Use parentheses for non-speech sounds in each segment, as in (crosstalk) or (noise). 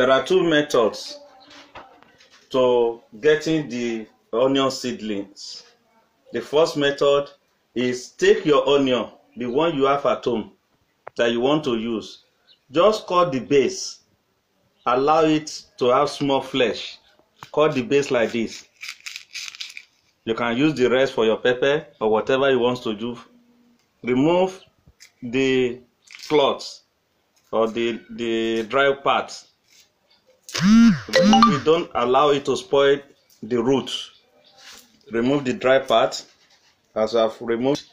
There are two methods to getting the onion seedlings. The first method is take your onion, the one you have at home that you want to use. Just cut the base. Allow it to have small flesh. Cut the base like this. You can use the rest for your pepper or whatever you want to do. Remove the cloth or the, the dry parts we don't allow it to spoil the root remove the dry part as i've removed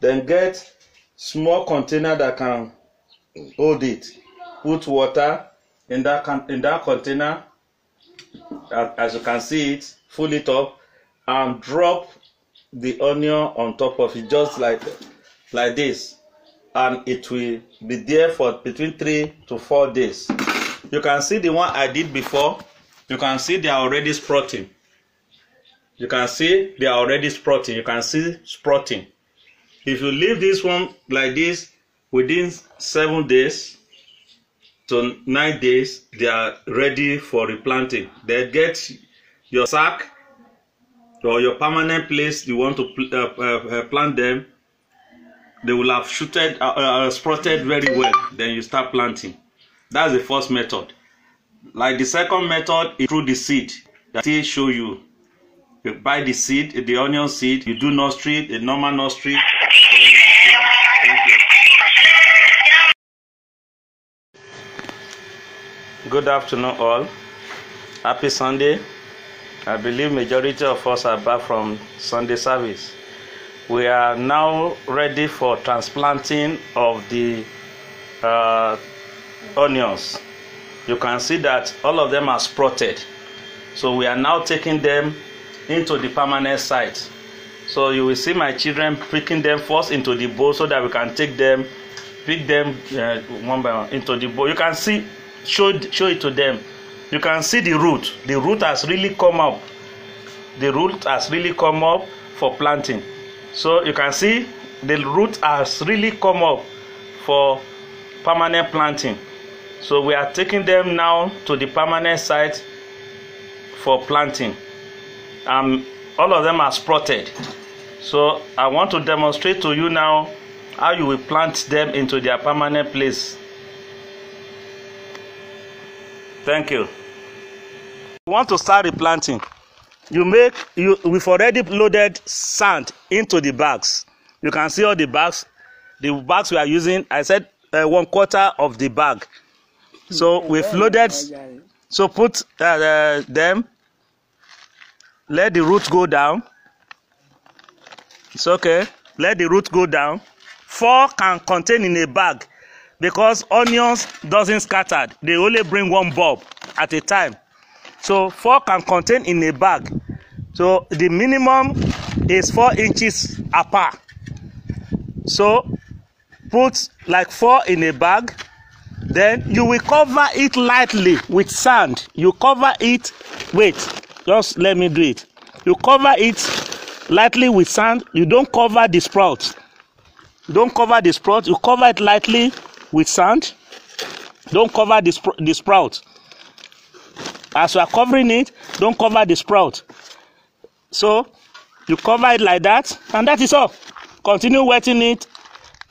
then get small container that can hold it put water in that con in that container as you can see it full it up and drop the onion on top of it just like like this and it will be there for between three to four days You can see the one I did before. You can see they are already sprouting. You can see they are already sprouting. You can see sprouting. If you leave this one like this, within seven days to nine days, they are ready for replanting. They get your sack or your permanent place you want to uh, uh, uh, plant them. They will have shooted, uh, uh sprouted very well. Then you start planting. That's the first method. Like the second method is through the seed that they show you. You buy the seed, eh, the onion seed, you do nursery, a normal nursery. Good afternoon all. Happy Sunday. I believe majority of us are back from Sunday service. We are now ready for transplanting of the uh, onions you can see that all of them are sprouted so we are now taking them into the permanent site so you will see my children picking them first into the bowl so that we can take them pick them uh, one by one into the bowl you can see show show it to them you can see the root the root has really come up the root has really come up for planting so you can see the root has really come up for permanent planting so we are taking them now to the permanent site for planting um, all of them are sprouted so i want to demonstrate to you now how you will plant them into their permanent place thank you you want to start replanting you make you we've already loaded sand into the bags you can see all the bags the bags we are using i said uh, one quarter of the bag So we've loaded, so put uh, uh, them, let the root go down. It's okay. Let the root go down. Four can contain in a bag because onions doesn't scatter. They only bring one bulb at a time. So four can contain in a bag. So the minimum is four inches apart. So put like four in a bag Then you will cover it lightly with sand. You cover it. Wait, just let me do it. You cover it lightly with sand. You don't cover the sprout. You don't cover the sprout. You cover it lightly with sand. Don't cover the, spr the sprout. As you are covering it, don't cover the sprout. So you cover it like that, and that is all. Continue wetting it.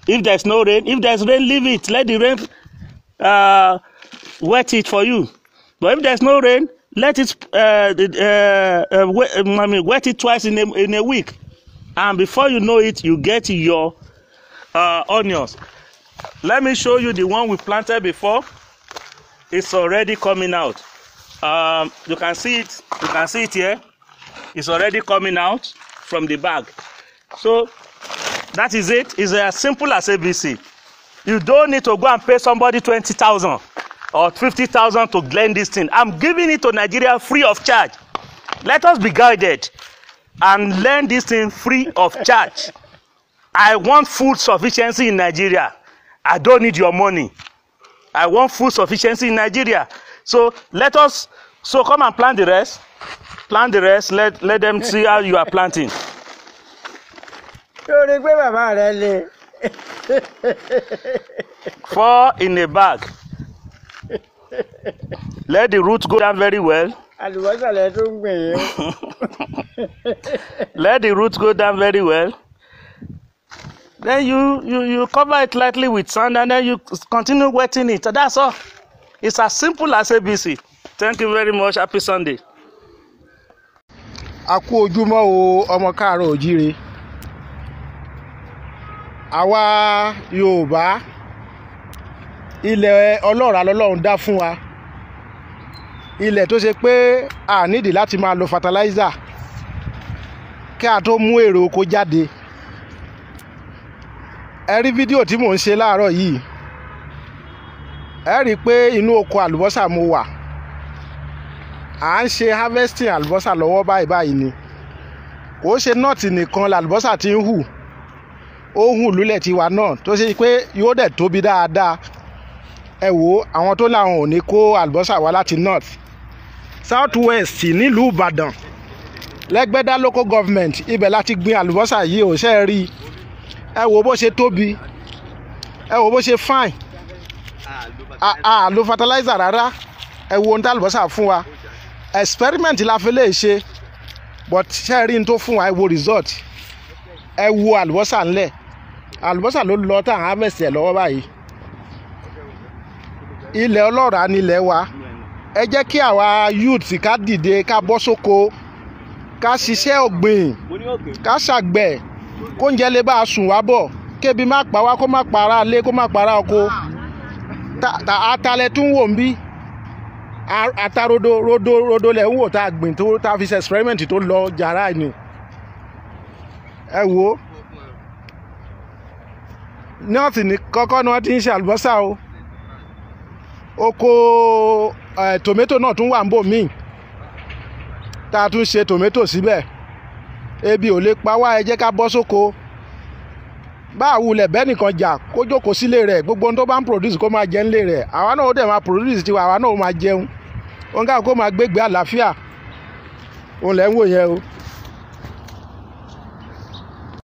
If there is no rain, if there is rain, leave it. Let the rain uh, wet it for you. But if there's no rain, let it uh, uh, uh, wet, um, I mean, wet it twice in a, in a week. And before you know it, you get your uh, onions. Let me show you the one we planted before. It's already coming out. Um, you can see it. You can see it here. It's already coming out from the bag. So that is it. It's as simple as ABC. You don't need to go and pay somebody 20,000 or 50,000 to glen this thing. I'm giving it to Nigeria free of charge. Let us be guided and learn this thing free of charge. I want food sufficiency in Nigeria. I don't need your money. I want food sufficiency in Nigeria. So let us, so come and plant the rest. Plant the rest. Let, let them see how you are planting. Four in a bag. Let the root go down very well. (laughs) Let the root go down very well. Then you, you, you cover it lightly with sand and then you continue wetting it. That's all. It's as simple as ABC. Thank you very much. Happy Sunday. A kú ojúmọ́ o, ọmọ káàárọ̀ oòjíire àwa Yorùbá ilẹ̀ ọlọ́ràá lọ́lọ́run dá fún wa ilẹ̀ tó ṣe pé a nídìí láti máa lo fertilizer kí a tó mú èrè oko jáde ẹ rí fídíò tí mò ń ṣe láàárọ̀ yìí ẹ rí i pé inú oko àlùbọ́sà mo wà à ń ṣe harvesting àlùbọ́sà lọ́wọ́ báyìí báyìí ni kò ṣe nọ́ọ̀tì nìkan làlùbọ́sà ti ń hù ó hùn lulẹ̀ tiwa náà tó ṣe pé yóò dẹ̀ tóbi dáadáa ẹ wò ó àwọn tó láwọn ò ní kó àlùbọ́sà wá láti north south west nílùú ìbàdàn lẹ́gbẹ́dá local government ibẹ̀ láti gbin àlùbọ́sà yìí ò ṣe é rí ẹ wò bó ṣe tóbi ẹ wò bó ṣe fine a fertilizer rárá ẹ wo ohun tí àlùbọ́sà fún wa experiment la fi lè ṣe but ṣe é rí n tó fún wa ẹ wo result ẹ wo àlùbọ́sà ńlẹ̀ àlùbọ́sà ló lọ tá à ń harvest ẹ̀ lọ́wọ́ báyìí ilẹ̀ ọlọ́ràá nílẹ̀ wa ẹ jẹ́ kí àwa youth ká dìde ká bọ́ sóko ká ṣiṣẹ́ ọ̀gbìn ká ṣàgbẹ̀ kóúnjẹ lè bá a sùn wá bọ̀ kébi má pa wá kó má pa ara lé kó má pa ara oko atalẹ̀ tún wò ń bí àtarodo rodo rodo lẹ̀ ń wò tá a gbìn tó tá a fi ṣe experiment tó lọ jàrá ni ẹ wo nọ́ọ̀tì ní kọ́kọ́ ni wọ́n ti ń ṣe àlùbọ́sà o oko tòmẹ́tò náà tún wà ń bò míì tá a tún ṣe tòmẹ́tò síbẹ̀ ebi ò lè pa wá ẹ jẹ́ ká bọ́ sóko báà wulẹ̀ bẹ́ẹ̀ nìkan jà kó jókòó sílé rẹ̀ gbogbo ohun tó bá ń produce kó máa jẹ ńlé rẹ̀ àwa náà ó dẹ̀ máa produce tiwa àwa náà ó máa jẹun òun káà kó máa gbégbé àlàáfíà òun lẹ́ ń wò yẹn o.